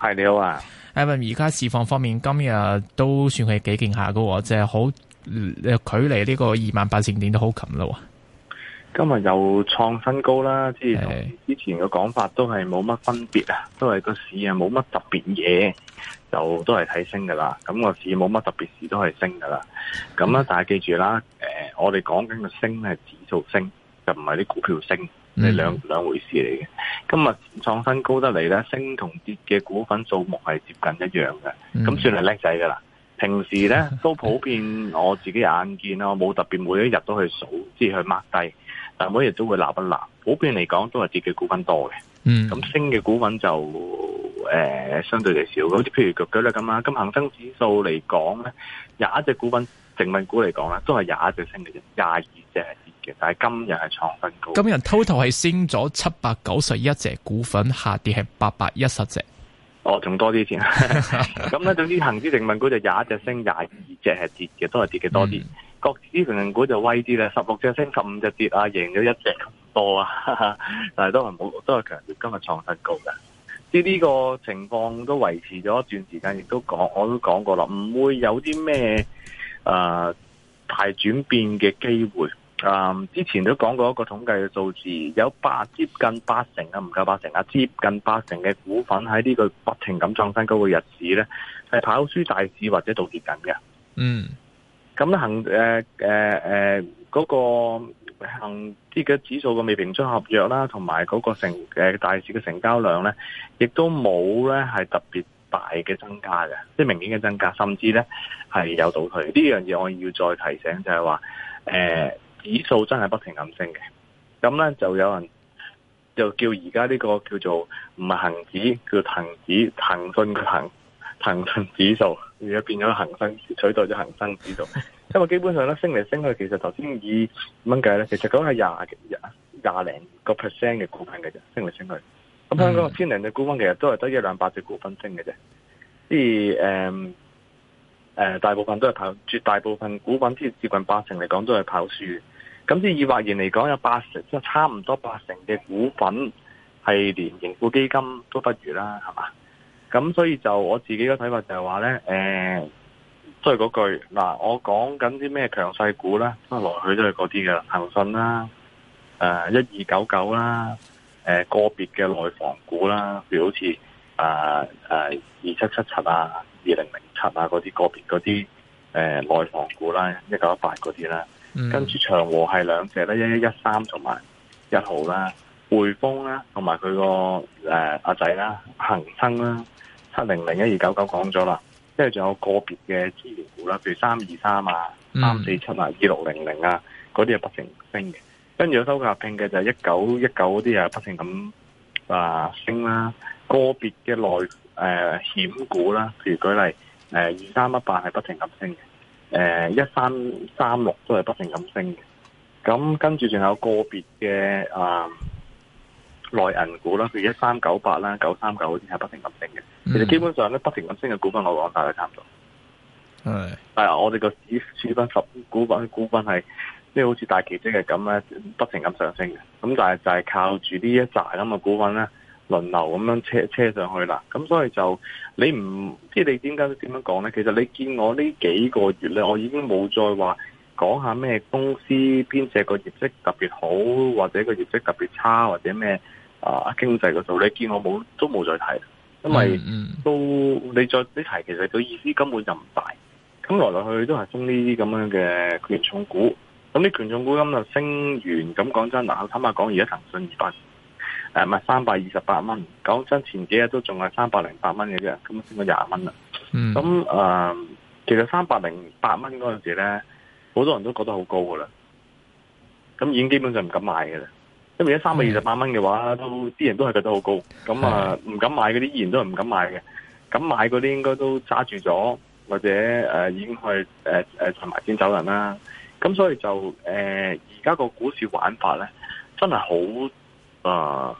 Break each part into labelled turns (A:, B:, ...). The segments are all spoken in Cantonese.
A: 係你好啊，阿文，而家市況方面今日都算係幾勁下噶喎，即係好距離呢個二萬八千點都好近咯
B: 今日又創新高啦，即係同之前嘅講法都係冇乜分別啊，都係個市啊冇乜特別嘢，就都係睇升噶啦。咁個市冇乜特別事都係升噶啦。咁啦，但係記住啦，誒，我哋講緊個升係指數升，就唔係啲股票升。係兩兩回事嚟嘅，今日創新高得嚟咧，升同跌嘅股份數目係接近一樣嘅，咁、嗯、算係叻仔噶啦。平時咧、嗯、都普遍我自己眼見咯，我冇特別每一日都去數，即係 mark 低，但係每日都會拿一拿，普遍嚟講都係跌嘅股份多嘅。咁、嗯、升嘅股份就誒、呃、相對嚟少，好似譬如舉舉啦咁啊，咁恒生指數嚟講咧，廿一隻股份。成分股嚟講咧，都係廿一隻升嘅，廿二隻係跌嘅，但係今日係創新高。今
A: 日 total 係升咗七百九十一隻股份，下跌係八百一十隻。
B: 哦，仲多啲錢。咁咧，總之恒指成分股就廿一隻升，廿二隻係跌嘅，都係跌嘅多啲。嗯、國指成分股就威啲啦，十六隻升，十五隻跌啊，贏咗一隻咁多啊。但係都係冇，都係強調。今日創新高嘅，呢呢個情況都維持咗一段時間，亦都講，我都講過啦，唔會有啲咩。誒、呃，大轉變嘅機會，誒、嗯，之前都講過一個統計嘅數字，有八接近八成啊，唔夠八成啊，接近八成嘅股份喺呢個不停咁創新高嘅日子咧，係跑輸大市或者倒跌緊嘅。嗯，咁咧誒誒誒，嗰、呃呃嗰個恒呢嘅指數嘅未平倉合約啦，同埋嗰個成誒大市嘅成交量咧，亦都冇咧係特別。大嘅增加嘅，即係明顯嘅增加，甚至咧係有倒退。呢樣嘢我要再提醒，就係、是、話，誒、呃，指數真係不停咁升嘅。咁咧就有人就叫而家呢個叫做唔係恒指，叫騰指，騰訊嘅騰，騰訊指數，而家變咗恒生取代咗恒生指數。因為基本上咧升嚟升，升，升去，其實頭先以蚊計咧，其實講係廿廿廿零個 percent 嘅股份嘅啫，升嚟升去。咁香港千零隻股份，其實都係得一兩百隻股份升嘅啫，即係誒誒，大部分都係跑，絕大部分股份即係接近八成嚟講都係跑輸。咁即係以話言嚟講，有八成即係差唔多八成嘅股份係連盈富基金都不如啦，係嘛？咁所以就我自己嘅睇法就係話咧，誒、呃，都係嗰句嗱，我講緊啲咩強勢股呢啦，都係來去都係嗰啲噶，騰訊啦，誒，一二九九啦。誒，個別嘅內房股啦，譬如好似啊啊二七七七啊、二零零七啊嗰啲個別嗰啲誒內房股啦，一九一八嗰啲啦，跟住長和係兩隻咧，一一一三同埋一號啦，匯豐啦，同埋佢個誒阿仔啦，恒生啦，七零零一二九九講咗啦，即係仲有個別嘅資源股啦，譬如三二三啊、
C: 三四
B: 七啊、二六零零啊，嗰啲係不停升嘅。跟住收購合併嘅就係一九一九嗰啲啊，不停咁啊升啦，個別嘅內誒險股啦，譬如舉例誒二三一八係不停咁升嘅，誒一三三六都係不停咁升嘅，咁跟住仲有個別嘅啊內銀股啦，譬如一三九八啦、九三九啲係不停咁升嘅，嗯、其實基本上咧不停咁升嘅股份我講大概差唔多，係係的我哋個指數分十股份股份係。即係好似大奇蹟係咁咧，不停咁上升嘅。咁但係就係靠住呢一紮咁嘅股份咧，輪流咁樣車車上去啦。咁所以就你唔即係你點解點樣講咧？其實你見我呢幾個月咧，我已經冇再話講下咩公司邊隻個業績特別好，或者個業績特別差，或者咩啊、呃、經濟嗰度，你見我冇都冇再提，因為都的你再你提其實佢意思根本就唔大。咁來來去去都係中呢啲咁樣嘅權重股。咁啲權重股金就升完，咁講真嗱，我坦白講，而家騰訊二百、呃，誒唔係三百二十八蚊。講真，前幾日都仲係三百零八蚊嘅啫，咁升咗廿蚊啦。咁誒、嗯呃，其實三百零八蚊嗰陣時咧，好多人都覺得好高噶啦，咁已經基本上唔敢買嘅啦。因為而家三百二十八蚊嘅話，嗯、都啲人都係覺得好高，咁啊唔敢買嗰啲依然都係唔敢買嘅。咁買嗰啲應該都揸住咗，或者誒、呃、已經去誒誒攢埋先走人啦。咁所以就誒，而家個股市玩法咧，真係好誒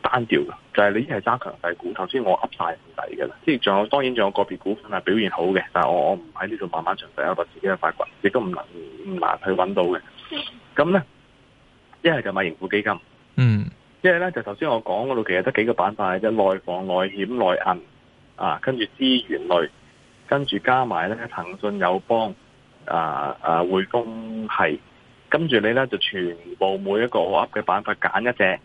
B: 單調嘅。就係、是、你依係揸強勢股，頭先我噏晒唔抵㗎啦。即係仲有，當然仲有個別股份係表現好嘅，但係我我唔喺呢度慢慢詳細一我自己嘅發掘，亦都唔能唔難去揾到嘅。咁咧，一係就買盈富基金，嗯，一係咧就頭先我講嗰度，其實得幾個板塊即啫，內房、內險、內銀啊，跟住資源類，跟住加埋咧騰訊、友邦。啊啊匯豐係，跟住你咧就全部每一個好噏嘅板塊揀一隻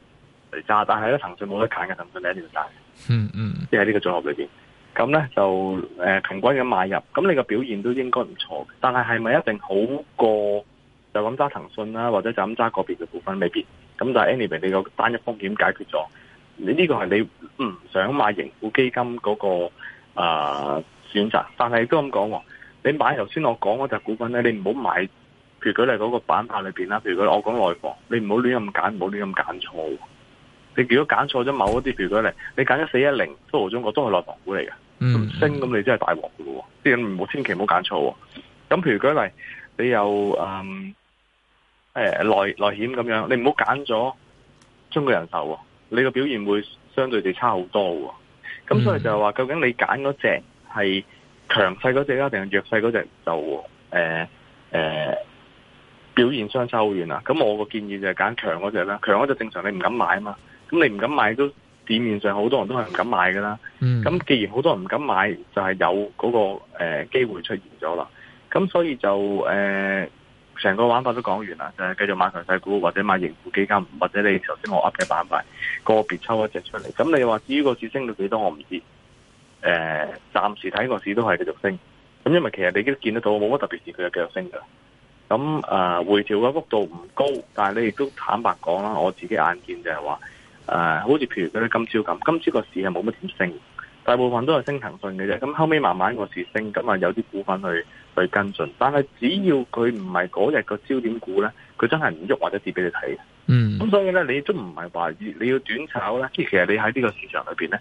B: 嚟揸，但係咧騰訊冇得揀嘅，騰訊你一定要揸。嗯嗯，即係呢個組合裏邊，咁咧就誒、呃、平均咁買入，咁你個表現都應該唔錯。但係係咪一定好過就咁揸騰訊啦、啊，或者就咁揸個別嘅股份裏面？咁就 anyway 你個單一風險解決咗，這個、你呢個係你唔想買盈富基金嗰、那個啊、呃、選擇，但係都咁講。你買頭先我講嗰隻股份咧，你唔好買。譬如舉例嗰個板塊裏邊啦，譬如舉我講內房，你唔好亂咁揀，唔好亂咁揀錯。你如果揀錯咗某一啲，譬如舉例，你揀咗四一零，都好中國都係內房股嚟嘅，唔升咁你真係大鑊嘅喎。即係唔好千祈唔好揀錯喎。咁譬如舉例，你又嗯誒內內險咁樣，你唔好揀咗中國人壽喎，你個表現會相對地差好多喎。咁所以就係話，究竟你揀嗰隻係？強勢嗰隻啦，定係弱勢嗰隻就誒誒表現相差好遠啦。咁我個建議就係揀強嗰隻啦。強嗰隻正常你唔敢買啊嘛。咁你唔敢買都，市面上好多人都係唔敢買噶啦。咁、嗯、既然好多人唔敢買，就係、是、有嗰、那個誒機、呃、會出現咗啦。咁所以就誒成、呃、個玩法都講完啦，就係、是、繼續買強勢股或者買盈富基金，或者你頭先我噏嘅板塊個別抽一隻出嚟。咁你話至於個市升到幾多，我唔知。誒，嗯、暫時睇個市都係繼續升，咁因為其實你都見得到冇乜特別事，佢又繼續升噶。咁啊、呃，回調嘅幅度唔高，但係你亦都坦白講啦，我自己眼見就係話，誒、呃，好似譬如佢啲今朝咁，今朝個市係冇乜點升，大部分都係升騰訊嘅啫。咁後尾慢慢個市升，咁啊有啲股份去去跟進，但係只要佢唔係嗰日個焦點股咧，佢真係唔喐或者跌俾你睇。嗯，咁所以咧，你都唔係話你要短炒咧，即係其實你喺呢個市場裏邊咧。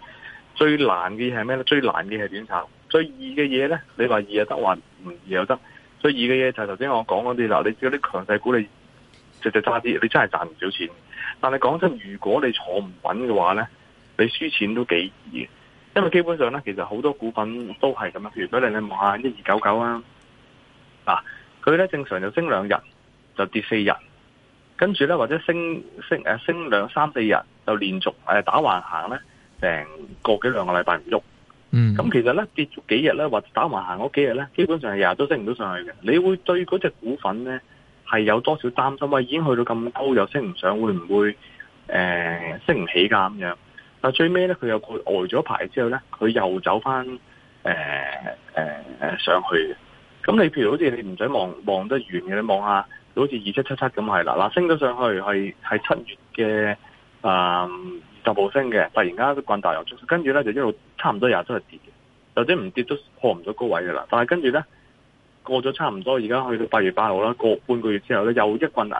B: 最難嘅係咩咧？最難嘅係短炒，最易嘅嘢咧，你話易又得，話唔易又得。最易嘅嘢就係頭先我講嗰啲啦，你知嗰啲強勢股你直直揸啲，你真係賺唔少錢。但係講真，如果你坐唔穩嘅話咧，你輸錢都幾易。因為基本上咧，其實好多股份都係咁樣。譬如畀你你望下一二九九啊，嗱、啊，佢咧正常就升兩日，就跌四日，跟住咧或者升升誒、啊、升兩三四日就連續誒、啊、打橫行咧。成個幾兩個禮拜唔喐，咁、嗯、其實咧跌咗幾日咧，或者打橫行嗰幾日咧，基本上係日日都升唔到上去嘅。你會對嗰隻股份咧係有多少擔心啊？已經去到咁高又升唔上，會唔會誒、呃、升唔起噶咁樣？但最尾咧佢又佢呆咗排之後咧，佢又走翻誒誒誒上去嘅。咁你譬如好似你唔使望望得遠嘅，你望下好似二七七七咁係啦，嗱、啊、升咗上去係喺七月嘅啊。呃就部升嘅，突然間都滾大油出，跟住咧就一路差唔多廿真係跌嘅，或者唔跌都破唔到高位嘅啦。但係跟住咧過咗差唔多，而家去到八月八號啦，過半個月之後咧又一棍牛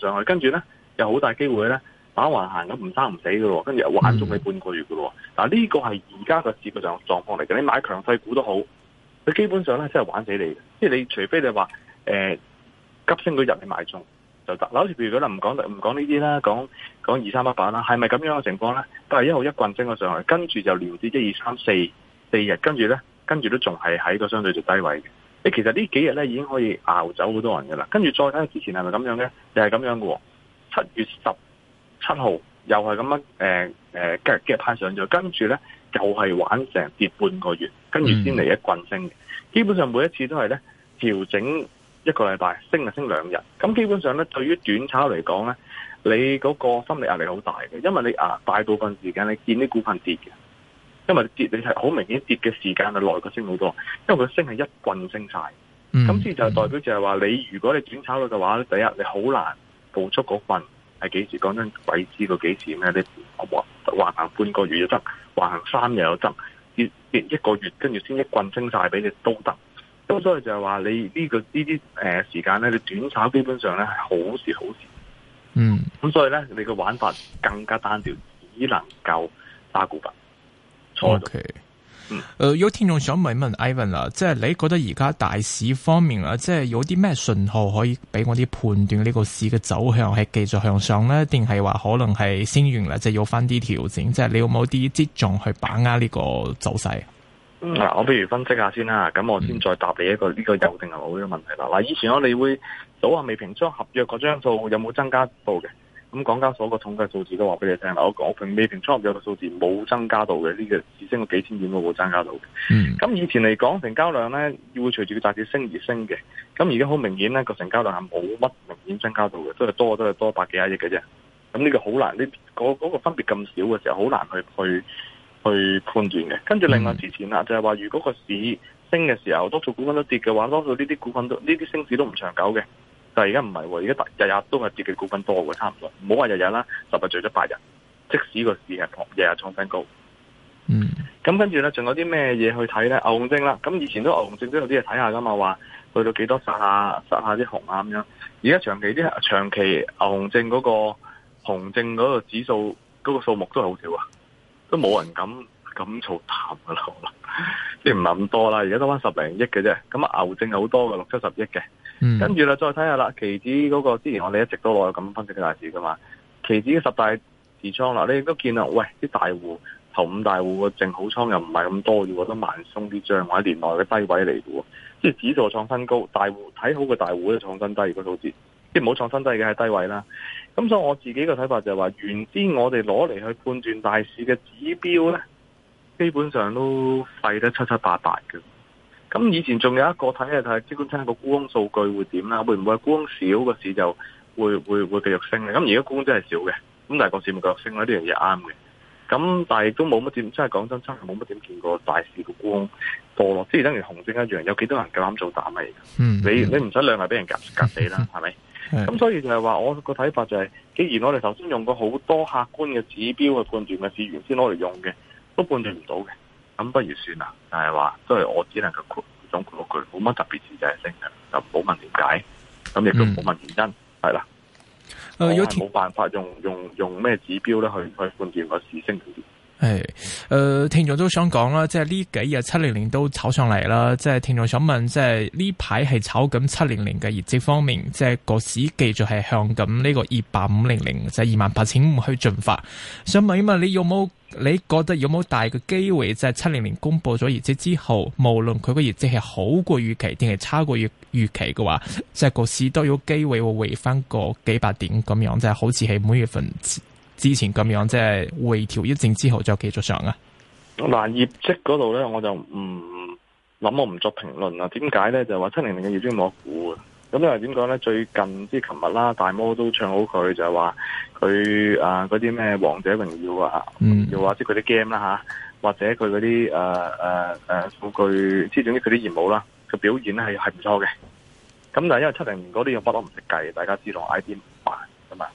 B: 上去，跟住咧又好大機會咧打橫行咁唔生唔死嘅喎，跟住又玩咗你半個月嘅咯。嗱、mm，呢、hmm. 個係而家個市嘅上狀況嚟嘅，你買強勢股都好，佢基本上咧真係玩死你嘅，即係你除非你話誒、欸、急升嗰日你買中。嗱，好似譬如嗰度唔講唔講呢啲啦，講講二三一版啦，係咪咁樣嘅情況咧？都係一號一棍升咗上去，跟住就撩至一二三四四日，跟住咧，跟住都仲係喺個相對就低位嘅。誒，其實幾呢幾日咧已經可以熬走好多人噶啦，跟住再睇下之前係咪咁樣咧、哦呃呃，又係咁樣嘅喎。七月十七號又係咁樣，誒誒，今日今日上咗，跟住咧又係玩成跌半個月，跟住先嚟一棍升。基本上每一次都係咧調整。一個禮拜升啊，升兩日，咁基本上咧，對於短炒嚟講咧，你嗰個心理壓力好大嘅，因為你啊，大部分時間你見啲股份跌嘅，因為你跌你係好明顯跌嘅時間係耐過升好多，因為佢升係一棍升晒，咁先、嗯、就代表就係話你如果你短炒嘅話，第一你好難捕捉嗰份係幾時，講真鬼知道幾時咩，你橫橫行半個月又得，橫行三日又得，跌跌一個月跟住先一棍升晒俾你都得。都咁所以就係話你、這個、這些呢個呢啲誒時間咧，你短炒基本上咧係好事好事。嗯，咁所以咧，你嘅玩法更加單
C: 調，只
A: 能夠打股份。O Okay K，嗯，誒、呃，有聽眾想問一問 Ivan 啦，即係你覺得而家大市方面啊，即係有啲咩訊號可以俾我哋判斷呢個市嘅走向係繼續向上咧，定係話可能係先完啦，即係有翻啲調整，即係你有冇啲跡象去把握呢個走勢？
B: 嗱，嗯、我不如分析一下先啦，咁我先再答你一個呢、嗯、個有定係冇嘅問題啦。嗱，以前我哋會數下未平出合約嗰張數有冇增加到嘅？咁港交所個統計數字都話俾你聽。嗱，我講未平出合約嘅數字冇增加到嘅，呢、這個只升咗幾千點冇增加到。嗯。咁以前嚟講成交量咧，要隨住個大市升而升嘅。咁而家好明顯咧，個成交量係冇乜明顯增加到嘅，都係多都係多百幾啊億嘅啫。咁呢個好難，呢嗰嗰個分別咁少嘅時候，好難去去。去判斷嘅，跟住另外之前啦，就係話如果個市升嘅時候，多數股份都跌嘅話，多數呢啲股份都呢啲升市都唔長久嘅。但係而家唔係喎，而家日日都係跌嘅股份多嘅，差唔多。唔好話日日啦，十日聚咗八日，即使個市係日日創新高。嗯，咁跟住咧，仲有啲咩嘢去睇咧？牛熊證啦，咁以前都牛熊證都有啲嘢睇下噶嘛，話去到幾多殺，殺下殺下啲熊啊咁樣。而家長期啲長期牛熊證嗰個熊證嗰個指數嗰個數目都係好少啊。都冇人敢敢炒淡噶啦，即係唔係咁多啦。而家得翻十零億嘅啫，咁啊牛證係好多嘅，六七十億嘅。嗯、跟住啦，再睇下啦，期指嗰、嗰個之前我哋一直都攞咁分析嘅大市噶嘛。期指嘅十大持倉啦，你亦都見啦。喂，啲大戶頭五大戶嘅淨好倉又唔係咁多，如果都慢鬆啲張，或者年內嘅低位嚟嘅。即係指數創新高，大戶睇好嘅大戶都創新低，如果數字即係唔好創新低嘅，喺低位啦。咁所以我自己嘅睇法就係話，原先我哋攞嚟去判斷大市嘅指標咧，基本上都廢得七七八八嘅。咁以前仲有一個睇嘅就係，監管下個沽空數據會點啦？會唔會沽空少個市就會會會繼續升咧？咁而家沽空真係少嘅，咁但係個市咪繼續升咧，呢樣嘢啱嘅。咁但係都冇乜點，真係講真真係冇乜點見過大市個沽空墮落。即係等於紅線一樣，有幾多人夠膽做膽嚟嘅，嗯、你、嗯、你唔使兩日俾人夾夾死啦，係咪？ 咁所以就係話，我個睇法就係，既然我哋頭先用過好多客觀嘅指標去判斷嘅市源先攞嚟用嘅，都判斷唔到嘅，咁不如算啦。但係話，即係我只能夠總括句，冇乜特別事就係升嘅，就唔好問點解，咁亦都唔好問原因，係啦。
A: 如果冇
B: 辦法用用用咩指標咧去去判斷個市升
A: 係，誒、呃，聽眾都想講啦，即係呢幾日七零零都炒上嚟。啦。即係聽眾想問，即係呢排係炒緊七零零嘅業績方面，即係個市繼續係向緊呢個二百五零零，即係、就係、二萬八千五去進發。想問一問，你有冇你覺得有冇大嘅機會？即係七零零公布咗業績之後，無論佢個業績係好過預期定係差過預預期嘅話，即係個市都有機會會回翻個幾百點咁樣，即係好似係每月份。之前咁樣即係回調一正之後就繼續上啊！
B: 嗱，業績嗰度咧我就唔諗，我唔作評論啦。點解咧，就話七零零嘅業績冇得估啊！咁因為點講咧，最近即係琴日啦，大摩都唱好佢，就係話佢啊嗰啲咩王者榮耀啊，又或者佢啲 game 啦吓，或者佢嗰啲誒誒誒數據，即係總之佢啲業務啦，佢表現咧係係唔錯嘅。咁但係因為七零零嗰啲又不嬲唔識計，大家知道 I D 唔辦噶嘛，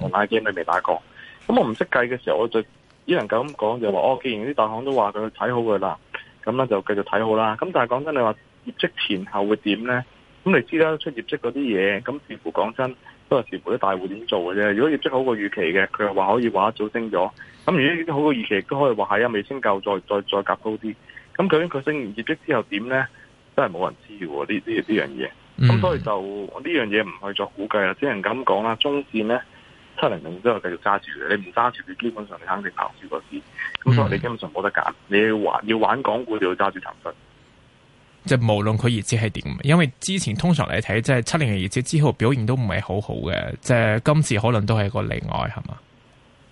B: 我 I D 都未打過。咁、嗯嗯、我唔識計嘅時候，我就只能夠咁講，就話哦，既然啲大行都話佢睇好佢啦，咁咧就繼續睇好啦。咁但係講真你話業績前後會點咧？咁你知啦，出業績嗰啲嘢，咁似乎講真都係似乎啲大戶點做嘅啫。如果業績好過預期嘅，佢係話可以話一早升咗。咁如果好過預期，亦都可以話係啊，未升夠，再再再夾高啲。咁究竟佢升完業績之後點咧？真係冇人知嘅呢呢呢樣嘢。咁所以就呢、嗯、樣嘢唔去作估計啦，只能咁講啦。中線咧。七零零之後繼續揸住嘅，你唔揸住，你基本上你肯定跑唔住個市。咁所以你基本上冇得揀，你要玩要玩港股就要揸住騰訊。嗯、
A: 即係無論佢業績係點，因為之前通常嚟睇，即係七零零嘅業績之後表現都唔係好好嘅，即係今次可能都係一個例外，係嘛？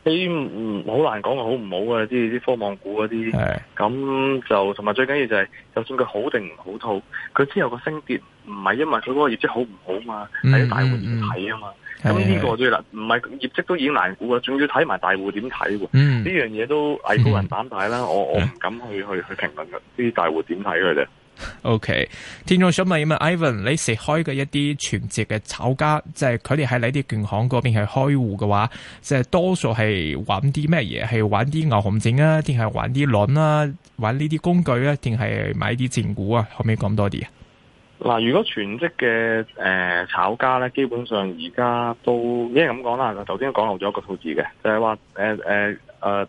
B: 你唔、嗯、好難講啊，好唔好啊？啲啲科網股嗰啲，咁是的 就同埋最緊要就係，就算佢好定唔好套，佢之後個升跌唔係因為佢嗰個業績好唔好嘛，
A: 係啲、嗯、大戶點睇啊嘛？咁呢是的 個
B: 最難，唔係業績都已經難估啊，仲要睇埋大戶點睇喎？呢、嗯、樣嘢都係藝高人膽大啦、嗯，我我唔敢去去去評論啲大戶點睇佢哋。
A: O.K. 聽眾想問嘅，Ivan，你食開嘅一啲全職嘅炒家，即係佢哋喺你啲券行嗰邊係開戶嘅話，即係多數係玩啲咩嘢？係玩啲牛熊證啊，定係玩啲輪啊？玩呢啲工具啊？定係買啲正股啊？可唔可以講多啲？
B: 嗱，如果全職嘅誒炒家咧，基本上而家都，因為咁講啦，頭先講漏咗一個數字嘅，就係話誒誒誒啲。呃呃呃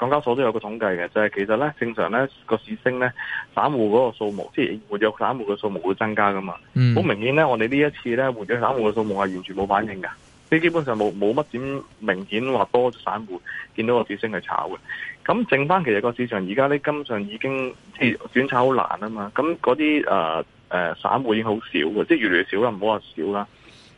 B: 港交所都有個統計嘅，就係、是、其實咧正常咧個市升咧，散戶嗰個數目，即係活躍散戶嘅數目會增加噶嘛。好、mm. 明顯咧，我哋呢一次咧活躍散戶嘅數目係完全冇反應㗎。即係基本上冇冇乜點明顯話多散戶見到個市升去炒嘅。咁剩翻其實個市場而家咧，基本上已經即係短炒好難啊嘛。咁嗰啲誒散戶已經好少嘅，即係越嚟越少啦，唔好話少啦。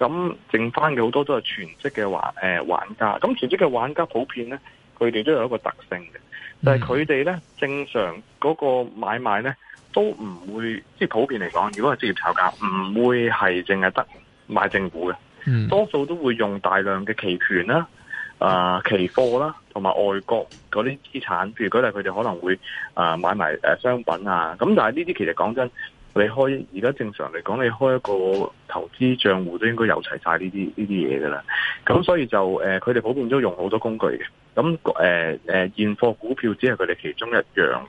B: 咁剩翻嘅好多都係全職嘅玩、呃、玩家，咁全職嘅玩家普遍咧。佢哋都有一個特性嘅，就係佢哋呢，正常嗰個買賣咧都唔會，即係普遍嚟講，如果係職業炒家，唔會係淨係得買正股嘅，嗯、多數都會用大量嘅期權啦、呃、期貨啦，同埋外國嗰啲資產，譬如講咧，佢哋可能會啊買埋誒商品啊，咁但係呢啲其實講真。你開而家正常嚟講，你開一個投資賬戶都應該有齊晒呢啲呢啲嘢噶啦。咁所以就誒，佢、呃、哋普遍都用好多工具嘅。咁誒誒，現貨股票只係佢哋其中一樣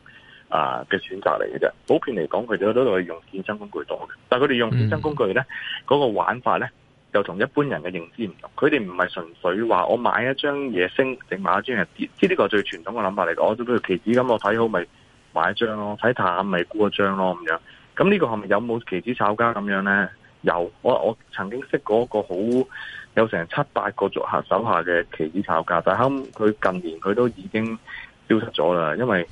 B: 啊嘅選擇嚟嘅啫。普遍嚟講，佢哋都係用衍生工具多嘅。但係佢哋用衍生工具咧，嗰、嗯、個玩法咧就同一般人嘅認知唔同。佢哋唔係純粹話我買一張嘢升，定買一張係跌。呢、這、啲個最傳統嘅諗法嚟。我比如期指咁，我睇好咪買一張咯，睇淡咪沽一張咯咁樣。咁呢個係咪有冇期指炒家咁樣呢？有，我我曾經識過一個好有成七八個族客手下嘅期指炒家，但係佢近年佢都已經消失咗啦，因為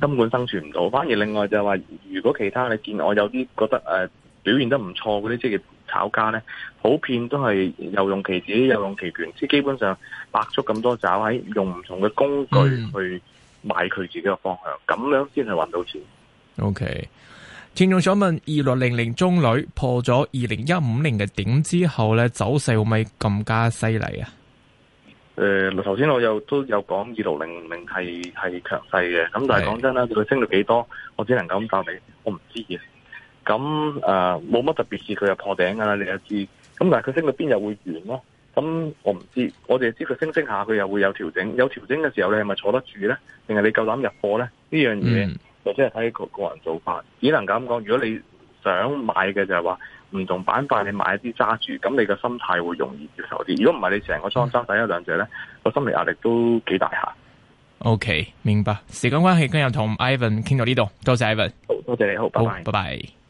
B: 根本生存唔到。反而另外就係話，如果其他你見我有啲覺得誒、呃、表現得唔錯嗰啲職業炒家呢，普遍都係又用期指又用期權，即係基本上百足咁多爪喺用唔同嘅工具去買佢自己嘅方向，咁 Okay. 樣先係揾到錢。
A: O K。聽眾想問：二六零零中鋁破咗二零一五年嘅頂之後咧，走勢會唔會更加犀利啊？誒、
B: 呃，頭先我有都有講二六零零係係強勢嘅，咁但係講的真啦，佢升到幾多，我只能夠咁答你，我唔知嘅。咁誒，冇、呃、乜特別事，佢又破頂噶啦，你又知。咁但係佢升到邊又會完咯？咁我唔知，我哋知佢升升下，佢又會有調整。有調整嘅時候，你係咪坐得住咧？定係你夠膽入貨咧？呢樣嘢。嗯就即係睇個個人做法，只能咁講。如果你想買嘅就係話，唔同板塊你買一啲揸住，咁你嘅心態會容易接受啲。如果唔係，你成個倉揸晒一兩隻咧，個心理壓力都幾大下。
A: OK，明白。時間關係，今日同 Ivan 傾到呢度，多謝 Ivan。好，多謝你，好，拜拜，好，拜拜。